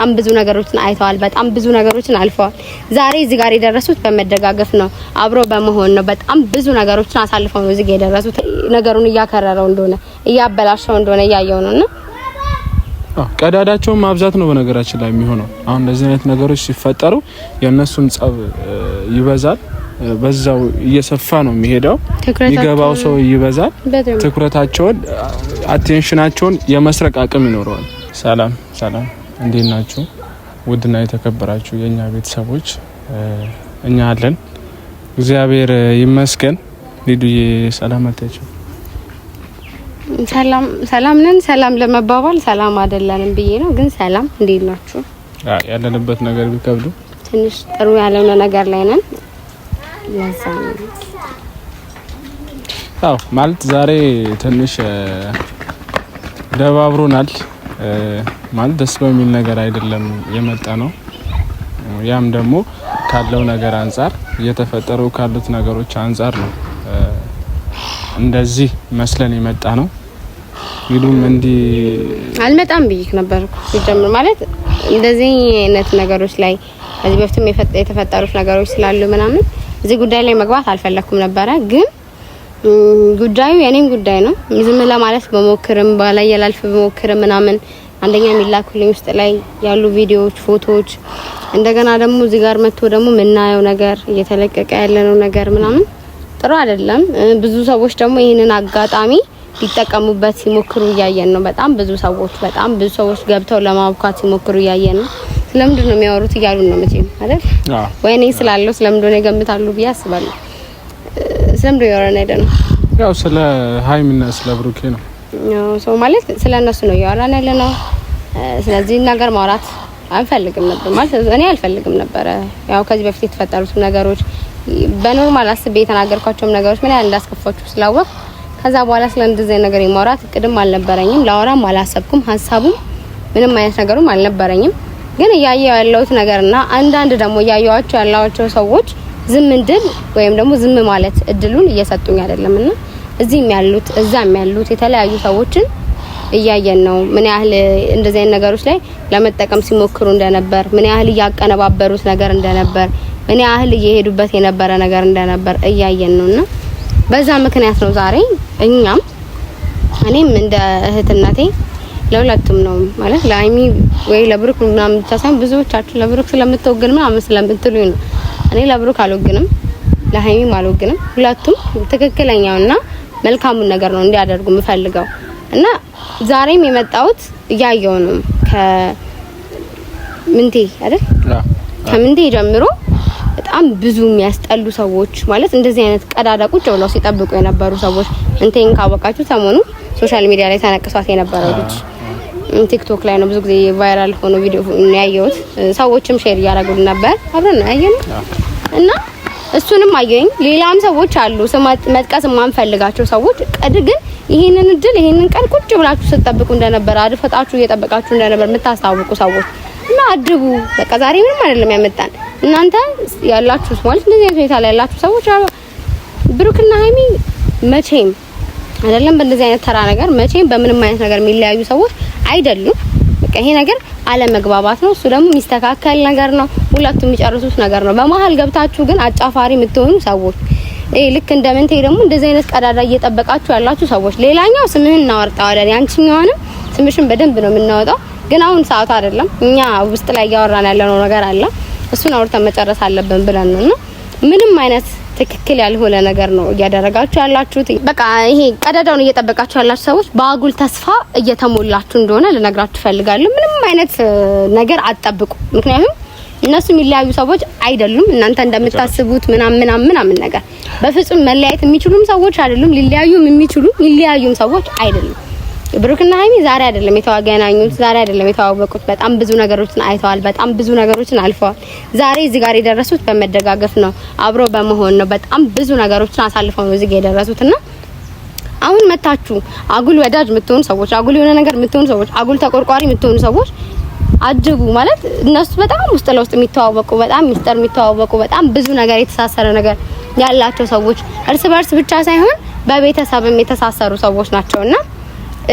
በጣም ብዙ ነገሮችን አይተዋል። በጣም ብዙ ነገሮችን አልፈዋል። ዛሬ እዚህ ጋር የደረሱት በመደጋገፍ ነው፣ አብሮ በመሆን ነው። በጣም ብዙ ነገሮችን አሳልፈው ነው እዚህ የደረሱት። ነገሩን እያከረረው እንደሆነ እያበላሸው እንደሆነ እያየው ነውና ቀዳዳቸውን ማብዛት ነው በነገራችን ላይ የሚሆነው። አሁን እንደዚህ አይነት ነገሮች ሲፈጠሩ የእነሱም ጸብ ይበዛል፣ በዛው እየሰፋ ነው የሚሄደው። የሚገባው ሰው ይበዛል። ትኩረታቸውን አቴንሽናቸውን የመስረቅ አቅም ይኖረዋል። ሰላም ሰላም እንዴት ናችሁ? ውድና የተከበራችሁ የእኛ ቤተሰቦች እኛ አለን፣ እግዚአብሔር ይመስገን። ሊዱዬ ሰላም ሰላም ሰላም ነን። ሰላም ለመባባል ሰላም አይደለንም ብዬ ነው። ግን ሰላም እንዴት ናችሁ? ያለንበት ነገር ቢከብዱ ትንሽ ጥሩ ያልሆነ ነገር ላይ ነን። ያው ማለት ዛሬ ትንሽ ደባብሮናል። ማለት ደስ በሚል ነገር አይደለም የመጣ ነው። ያም ደግሞ ካለው ነገር አንጻር እየተፈጠሩ ካሉት ነገሮች አንጻር ነው እንደዚህ መስለን የመጣ ነው። ይሉም እንዲህ አልመጣም ብዬሽ ነበር ሲጀምር ማለት እንደዚህ አይነት ነገሮች ላይ ከዚህ በፊትም የተፈጠሩት ነገሮች ስላሉ ምናምን እዚህ ጉዳይ ላይ መግባት አልፈለኩም ነበረ። ግን ጉዳዩ የኔም ጉዳይ ነው። ዝም ለማለት በሞክርም ባላየላልፍ በሞክርም ምናምን አንደኛ የሚላኩልኝ ውስጥ ላይ ያሉ ቪዲዮዎች፣ ፎቶዎች እንደገና ደግሞ እዚህ ጋር መጥቶ ደግሞ የምናየው ነገር እየተለቀቀ ያለነው ነገር ምናምን ጥሩ አይደለም። ብዙ ሰዎች ደግሞ ይህንን አጋጣሚ ሊጠቀሙበት ሲሞክሩ እያየን ነው። በጣም ብዙ ሰዎች በጣም ብዙ ሰዎች ገብተው ለማብካት ሲሞክሩ እያየን ነው። ስለምንድን ነው የሚያወሩት እያሉን ነው መቼም አይደል? ወይ እኔ ስላለው ስለምንድን ነው ይገምታሉ ብዬ አስባለሁ። ስለምንድን ነው ያወራን አይደል? ያው ስለ ሀይሚና ስለ ብሩኬ ነው ሰው ማለት ስለ እነሱ ነው እያወራን ያለ ነው። ስለዚህ ነገር ማውራት አንፈልግም ነበር ማለት እኔ አልፈልግም ነበረ። ያው ከዚህ በፊት የተፈጠሩት ነገሮች በኖርማል አስቤ የተናገርኳቸውም ነገሮች ምን ያህል እንዳስከፋችሁ ስላወቅ ከዛ በኋላ ስለ እንደዚህ ነገር የማውራት እቅድም አልነበረኝም። ላወራም አላሰብኩም። ሀሳቡም ምንም አይነት ነገሩም አልነበረኝም። ግን እያየው ያለሁት ነገርና አንዳንድ ደግሞ እያየዋቸው ያላቸው ሰዎች ዝም እንድል ወይም ደግሞ ዝም ማለት እድሉን እየሰጡኝ አይደለምና እዚህም ያሉት እዛም ያሉት የተለያዩ ሰዎችን እያየን ነው። ምን ያህል እንደዚህ አይነት ነገሮች ላይ ለመጠቀም ሲሞክሩ እንደነበር፣ ምን ያህል እያቀነባበሩት ነገር እንደነበር፣ ምን ያህል እየሄዱበት የነበረ ነገር እንደነበር እያየን ነውና በዛ ምክንያት ነው ዛሬ እኛም እኔም እንደ እህትነቴ ለሁለቱም ነው ማለት ለአይሚ ወይ ለብሩክ ምናምን ብቻ ሳይሆን ብዙዎቻችሁ ለብሩክ ስለምትወግን ምናምን ስለምትሉኝ ነው። እኔ ለብሩክ አልወግንም፣ ለሀይሚም አልወግንም። ሁለቱም ትክክለኛውና መልካሙን ነገር ነው እንዲያደርጉ የምፈልገው እና ዛሬም የመጣሁት እያየው ነው ከምንቴ አይደል ከምንቴ ጀምሮ በጣም ብዙ የሚያስጠሉ ሰዎች ማለት እንደዚህ አይነት ቀዳዳ ቁጭ ብለው ሲጠብቁ የነበሩ ሰዎች እንቴን ካወቃችሁ ሰሞኑ ሶሻል ሚዲያ ላይ ተነቅሷት የነበረው ልጅ ቲክቶክ ላይ ነው ብዙ ጊዜ ቫይራል ሆኖ ቪዲዮ ያየሁት። ሰዎችም ሼር እያደረጉልን ነበር አብረን ያየነው እና እሱንም አየኝ። ሌላም ሰዎች አሉ መጥቀስ የማንፈልጋቸው ሰዎች ቀድ ግን ይህንን እድል ይህንን ቀን ቁጭ ብላችሁ ስትጠብቁ እንደነበር አድፈጣችሁ እየጠበቃችሁ እንደነበር የምታስታውቁ ሰዎች እና አድቡ በቃ ዛሬ ምንም አይደለም ያመጣን እናንተ ያላችሁ ማለት እንደዚህ አይነት ሁኔታ ላይ ያላችሁ ሰዎች ብሩክና ሀይሚ መቼም አይደለም በእንደዚህ አይነት ተራ ነገር መቼም በምንም አይነት ነገር የሚለያዩ ሰዎች አይደሉም። በቃ ይሄ ነገር አለመግባባት ነው። እሱ ደግሞ የሚስተካከል ነገር ነው። ሁለቱም የሚጨርሱት ነገር ነው። በመሀል ገብታችሁ ግን አጫፋሪ የምትሆኑ ሰዎች ይሄ ልክ እንደምንቴ ደግሞ እንደዚህ አይነት ቀዳዳ እየጠበቃችሁ ያላችሁ ሰዎች፣ ሌላኛው ስምህን እናወርጣዋለን። ያንቺኛውንም ስምሽን በደንብ ነው የምናወጣው። ግን አሁን ሰዓቱ አይደለም። እኛ ውስጥ ላይ እያወራን ያለነው ነገር አለ። እሱን አውርተን መጨረስ አለብን ብለን ነው ምንም አይነት ትክክል ያልሆነ ነገር ነው እያደረጋችሁ ያላችሁት። በቃ ይሄ ቀዳዳውን እየጠበቃችሁ ያላችሁ ሰዎች በአጉል ተስፋ እየተሞላችሁ እንደሆነ ልነግራችሁ ፈልጋለሁ። ምንም አይነት ነገር አትጠብቁ። ምክንያቱም እነሱ የሚለያዩ ሰዎች አይደሉም። እናንተ እንደምታስቡት ምናምን ምናምን ምናምን ነገር በፍጹም መለያየት የሚችሉም ሰዎች አይደሉም። ሊለያዩም የሚችሉ ሊለያዩም ሰዎች አይደሉም። ብሩክና ሀይሚ ዛሬ አይደለም የተዋገናኙት፣ ዛሬ አይደለም የተዋወቁት። በጣም ብዙ ነገሮችን አይተዋል፣ በጣም ብዙ ነገሮችን አልፈዋል። ዛሬ እዚህ ጋር የደረሱት በመደጋገፍ ነው፣ አብሮ በመሆን ነው። በጣም ብዙ ነገሮችን አሳልፈው ነው እዚህ የደረሱት አሁን መታችሁ አጉል ወዳጅ የምትሆኑ ሰዎች፣ አጉል የሆነ ነገር የምትሆኑ ሰዎች፣ አጉል ተቆርቋሪ የምትሆኑ ሰዎች አጅጉ ማለት እነሱ በጣም ውስጥ ለውስጥ የሚተዋወቁ በጣም ሚስጥር የሚተዋወቁ በጣም ብዙ ነገር የተሳሰረ ነገር ያላቸው ሰዎች እርስ በርስ ብቻ ሳይሆን በቤተሰብም የተሳሰሩ ሰዎች ናቸውና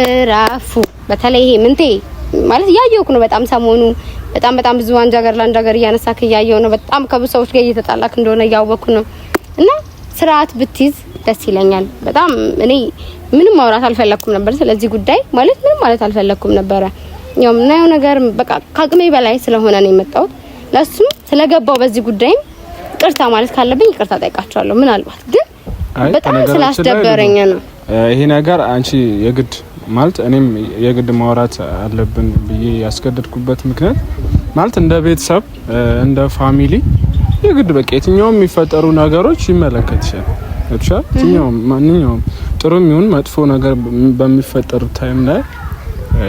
እረፉ። በተለይ ይሄ ምንቴ ማለት እያየሁክ ነው። በጣም ሰሞኑ በጣም በጣም ብዙ አንድ ሀገር ለአንድ ሀገር እያነሳክ እያየሁ ነው። በጣም ከብዙ ሰዎች ጋር እየተጣላክ እንደሆነ እያወኩ ነው። እና ስርዓት ብትይዝ ደስ ይለኛል። በጣም እኔ ምንም ማውራት አልፈለኩም ነበር ስለዚህ ጉዳይ ማለት ምንም ማለት አልፈለኩም ነበረ። ያው ምናየው ነገር በቃ ከአቅሜ በላይ ስለሆነ ነው የመጣሁት። ለሱም ስለገባው በዚህ ጉዳይም ቅርታ ማለት ካለብኝ ቅርታ ጠይቃቸዋለሁ። ምናልባት ግን በጣም ስላስደበረኝ ነው ይሄ ነገር አንቺ የግድ ማለት እኔም የግድ ማውራት አለብን ብዬ ያስገደድኩበት ምክንያት ማለት እንደ ቤተሰብ እንደ ፋሚሊ የግድ በቃ የትኛውም የሚፈጠሩ ነገሮች ይመለከት ይችላል። የትኛውም ማንኛውም ጥሩም ይሁን መጥፎ ነገር በሚፈጠሩ ታይም ላይ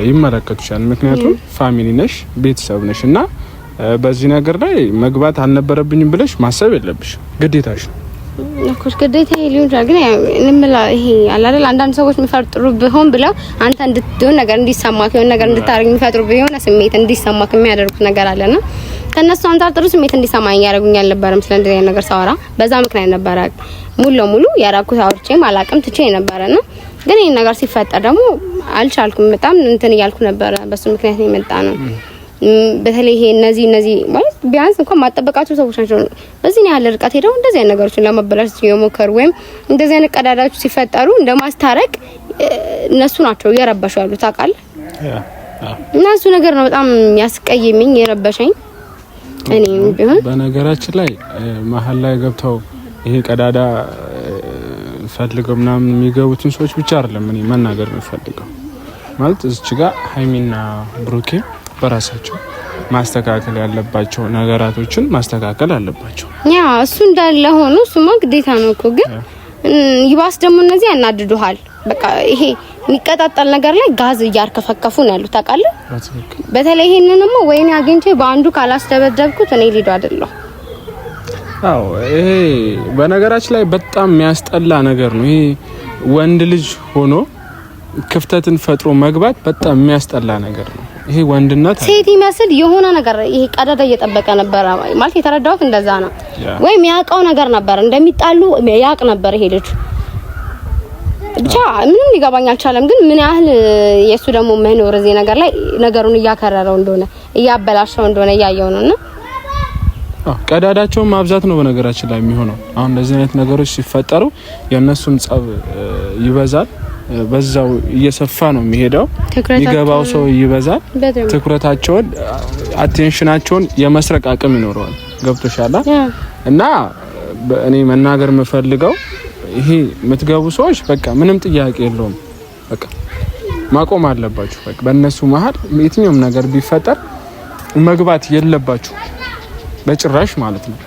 ይመለከት ይችላል። ምክንያቱም ፋሚሊ ነሽ፣ ቤተሰብ ነሽ እና በዚህ ነገር ላይ መግባት አልነበረብኝም ብለሽ ማሰብ የለብሽ፣ ግዴታሽ ነው። እኮሽ ግዴታ ሊሆን ይችላል። ግን እንምላ ይሄ አለ አይደል? አንዳንድ ሰዎች የሚፈጥሩ ቢሆን ብለው አንተ እንድትሆን ነገር እንዲሰማክ የሆነ ነገር እንድታረግ የሚፈጥሩ ቢሆን ስሜት እንዲሰማክ የሚያደርጉት ነገር አለና ከነሱ አንጻር ጥሩ ስሜት እንዲሰማኝ ያደርጉኝ አልነበረም። ስለዚህ ነገር ሳወራ በዛ ምክንያት ነበረ ሙሉ ለሙሉ ያራኩት አውርቼም አላቅም ትቼ ነበረና ግን ይሄን ነገር ሲፈጠር ደግሞ አልቻልኩም። በጣም እንትን እያልኩ ነበረ። በሱ ምክንያት ነው የመጣ ነው በተለይ ይሄ እነዚህ እነዚህ ማለት ቢያንስ እንኳን ማጠበቃቸው ሰዎች ናቸው። በዚህ ነው ያለ ርቀት ሄደው እንደዚህ አይነት ነገሮችን ለማበላሽ የሞከሩ ወይም እንደዚህ አይነት ቀዳዳዎች ሲፈጠሩ እንደማስታረቅ እነሱ ናቸው እየረበሹ ያሉት ታውቃለህ። እና እሱ ነገር ነው በጣም ያስቀየመኝ የረበሸኝ። እኔ ቢሆን በነገራችን ላይ መሀል ላይ ገብተው ይሄ ቀዳዳ ፈልገው ምናምን የሚገቡትን ሰዎች ብቻ አይደለም እኔ መናገር ነው ፈልገው ማለት እዚች ጋር ሀይሚና ብሩኬ በራሳቸው ማስተካከል ያለባቸው ነገራቶችን ማስተካከል አለባቸው። ያ እሱ እንዳለ ሆኖ እሱማ ግዴታ ነው እኮ ግን ይባስ ደግሞ እነዚህ ያናድዱሃል። በቃ ይሄ የሚቀጣጠል ነገር ላይ ጋዝ እያርከፈከፉ ነው ያሉት ታውቃለህ። በተለይ ይሄንንማ ወይኔ አግኝቼ በአንዱ ካላስደበደብኩት እኔ ሊዱ አይደለሁ። አዎ ይሄ በነገራችን ላይ በጣም የሚያስጠላ ነገር ነው። ይሄ ወንድ ልጅ ሆኖ ክፍተትን ፈጥሮ መግባት በጣም የሚያስጠላ ነገር ነው። ይሄ ወንድነት ሴት ይመስል የሆነ ነገር ይሄ ቀዳዳ እየጠበቀ ነበር ማለት የተረዳሁት እንደዛ ነው። ወይም ያውቀው ነገር ነበር እንደሚጣሉ ያውቅ ነበር ይሄ ልጅ ብቻ ምንም ሊገባኝ አልቻለም። ግን ምን ያህል የእሱ ደግሞ መኖር እዚህ ነገር ላይ ነገሩን እያከረረው እንደሆነ እያበላሸው እንደሆነ እያየው ነው እና ቀዳዳቸውን ማብዛት ነው በነገራችን ላይ የሚሆነው። አሁን እንደዚህ አይነት ነገሮች ሲፈጠሩ የእነሱም ጸብ ይበዛል። በዛው እየሰፋ ነው የሚሄደው። የሚገባው ሰው ይበዛል። ትኩረታቸውን አቴንሽናቸውን የመስረቅ አቅም ይኖረዋል። ገብቶሻል እና እኔ መናገር የምፈልገው ይሄ የምትገቡ ሰዎች በቃ ምንም ጥያቄ የለውም። በቃ ማቆም አለባችሁ። በቃ በእነሱ መሀል የትኛውም ነገር ቢፈጠር መግባት የለባችሁ በጭራሽ ማለት ነው።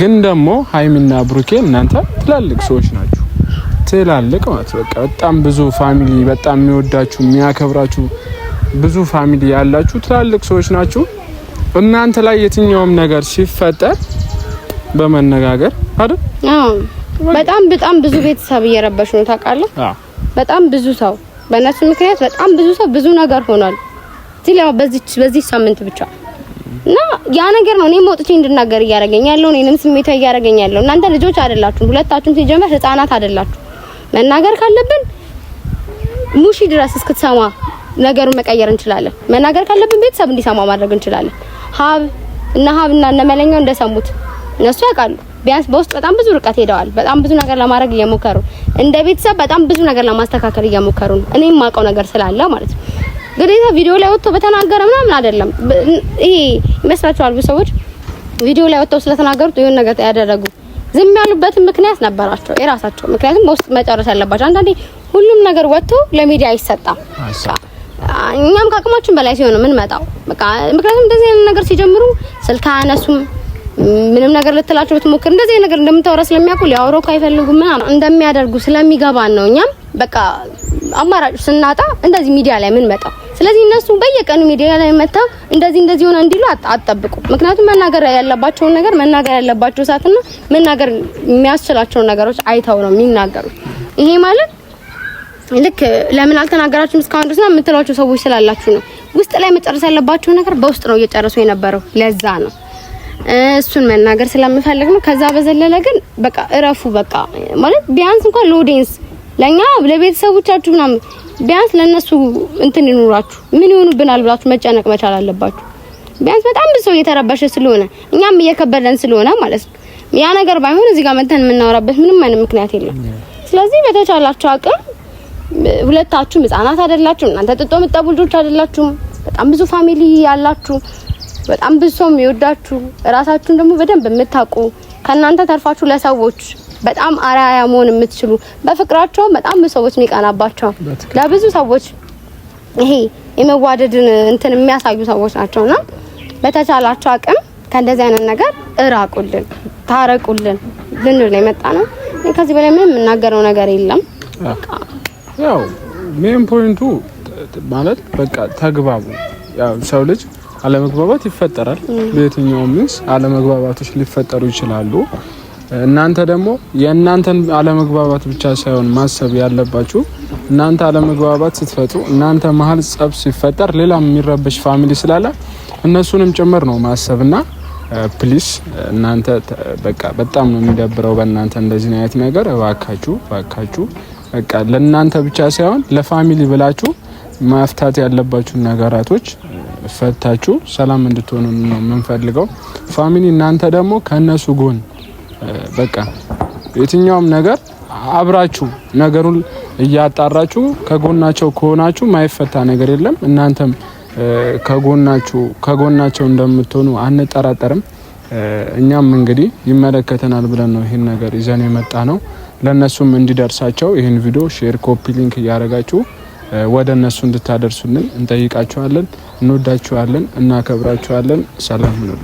ግን ደግሞ ሀይሚና ብሩኬ እናንተ ትላልቅ ሰዎች ናቸው። ትላልቅ ማለት በቃ በጣም ብዙ ፋሚሊ በጣም የሚወዳችሁ የሚያከብራችሁ ብዙ ፋሚሊ ያላችሁ ትላልቅ ሰዎች ናችሁ። እናንተ ላይ የትኛውም ነገር ሲፈጠር በመነጋገር አይደል? አዎ። በጣም በጣም ብዙ ቤተሰብ እየረበሽ ነው ታውቃለህ። በጣም ብዙ ሰው በእነሱ ምክንያት በጣም ብዙ ሰው ብዙ ነገር ሆኗል። ትላው በዚህ በዚህ ሳምንት ብቻ እና ያ ነገር ነው እኔ ወጥቼ እንድናገር እያደረገኝ ያለው እኔንም ስሜታዊ እያደረገኝ ያለው። እናንተ ልጆች አይደላችሁም፣ ሁለታችሁም ሲጀመር ህፃናት አይደላችሁ። መናገር ካለብን ሙሺ ድረስ እስክትሰማ ነገሩን መቀየር እንችላለን። መናገር ካለብን ቤተሰብ እንዲሰማ ማድረግ እንችላለን። ሀብ እና ሀብ እና እነ መለኛው እንደሰሙት እነሱ ያውቃሉ። ቢያንስ በውስጥ በጣም ብዙ ርቀት ሄደዋል። በጣም ብዙ ነገር ለማድረግ እየሞከሩ እንደ ቤተሰብ በጣም ብዙ ነገር ለማስተካከል እየሞከሩ ነው። እኔም የማውቀው ነገር ስላለ ማለት ነው። ግዴታ ቪዲዮ ላይ ወጥቶ በተናገረ ምናምን አይደለም። ይሄ ይመስላችኋል ብዙ ሰዎች ቪዲዮ ላይ ወጥተው ስለተናገሩት ይሁን ነገር ያደረጉ ዝም ያሉበትን ምክንያት ነበራቸው የራሳቸው። ምክንያቱም ውስጥ መጨረስ ያለባቸው አንዳንዴ ሁሉም ነገር ወጥቶ ለሚዲያ አይሰጣም። እኛም ከአቅማችን በላይ ሲሆን ምን መጣው በቃ። ምክንያቱም እንደዚህ አይነት ነገር ሲጀምሩ ስልክ አያነሱም። ምንም ነገር ልትላቸው ብትሞክር እንደዚህ አይነት ነገር እንደምታወራ ስለሚያውቁ ሊያወሩ አይፈልጉም። ምናምን እንደሚያደርጉ ስለሚገባን ነው። እኛም በቃ አማራጭ ስናጣ እንደዚህ ሚዲያ ላይ ምን መጣው ስለዚህ እነሱ በየቀኑ ሚዲያ ላይ መጥተው እንደዚህ እንደዚህ ሆነ እንዲሉ አጠብቁ። ምክንያቱም መናገር ያለባቸውን ነገር መናገር ያለባቸው ሰዓትና መናገር የሚያስችላቸውን ነገሮች አይተው ነው የሚናገሩት። ይሄ ማለት ልክ ለምን አልተናገራችሁም እስካሁን ድረስ የምትሏቸው ሰዎች ስላላችሁ ነው። ውስጥ ላይ መጨረስ ያለባቸው ነገር በውስጥ ነው እየጨረሱ የነበረው። ለዛ ነው እሱን መናገር ስለምፈልግ ነው። ከዛ በዘለለ ግን በቃ እረፉ። በቃ ማለት ቢያንስ እንኳን ሎዴንስ ለኛ ለቤተሰቦቻችሁ ምናምን ቢያንስ ለነሱ እንትን ይኑራችሁ። ምን ይሆኑብናል ብላችሁ መጨነቅ መቻል አለባችሁ። ቢያንስ በጣም ብዙ ሰው እየተረበሸ ስለሆነ እኛም እየከበደን ስለሆነ ማለት ነው። ያ ነገር ባይሆን እዚህ ጋር መተን የምናወራበት ምንም አይነት ምክንያት የለም። ስለዚህ በተቻላችሁ አቅም ሁለታችሁም ህጻናት አይደላችሁም። እናንተ ጥጦ የምትጠቡ ልጆች አይደላችሁም። በጣም ብዙ ፋሚሊ ያላችሁ፣ በጣም ብዙ ሰው የሚወዳችሁ፣ እራሳችሁን ደግሞ በደንብ የምታውቁ ከእናንተ ተርፋችሁ ለሰዎች በጣም አራያ መሆን የምትችሉ በፍቅራቸውም በጣም ሰዎች የሚቀናባቸው ለብዙ ሰዎች ይሄ የመዋደድን እንትን የሚያሳዩ ሰዎች ናቸውና በተቻላቸው አቅም ከእንደዚህ አይነት ነገር እራቁልን፣ ታረቁልን ልንል የመጣ ነው። ከዚህ በላይ ምንም የምናገረው ነገር የለም። ያው ሜን ፖይንቱ ማለት በቃ ተግባቡ። ያው ሰው ልጅ አለመግባባት ይፈጠራል። በየትኛውም ምስ አለመግባባቶች ሊፈጠሩ ይችላሉ። እናንተ ደግሞ የእናንተን አለመግባባት ብቻ ሳይሆን ማሰብ ያለባችሁ እናንተ አለመግባባት ስትፈጡ እናንተ መሀል ጸብ ሲፈጠር ሌላ የሚረበሽ ፋሚሊ ስላለ እነሱንም ጭምር ነው ማሰብና ፕሊስ እናንተ በቃ በጣም ነው የሚደብረው። በእናንተ እንደዚህ አይነት ነገር እባካችሁ እባካችሁ በቃ ለእናንተ ብቻ ሳይሆን ለፋሚሊ ብላችሁ መፍታት ያለባችሁን ነገራቶች ፈታችሁ ሰላም እንድትሆኑ ነው የምንፈልገው። ፋሚሊ እናንተ ደግሞ ከእነሱ ጎን በቃ የትኛውም ነገር አብራችሁ ነገሩን እያጣራችሁ ከጎናቸው ከሆናችሁ ማይፈታ ነገር የለም። እናንተም ከጎናችሁ ከጎናቸው እንደምትሆኑ አንጠራጠርም። እኛም እንግዲህ ይመለከተናል ብለን ነው ይህን ነገር ይዘን የመጣ ነው። ለእነሱም እንዲደርሳቸው ይህን ቪዲዮ ሼር፣ ኮፒ ሊንክ እያደረጋችሁ ወደ እነሱ እንድታደርሱልን እንጠይቃችኋለን። እንወዳችኋለን፣ እናከብራችኋለን። ሰላም ነው።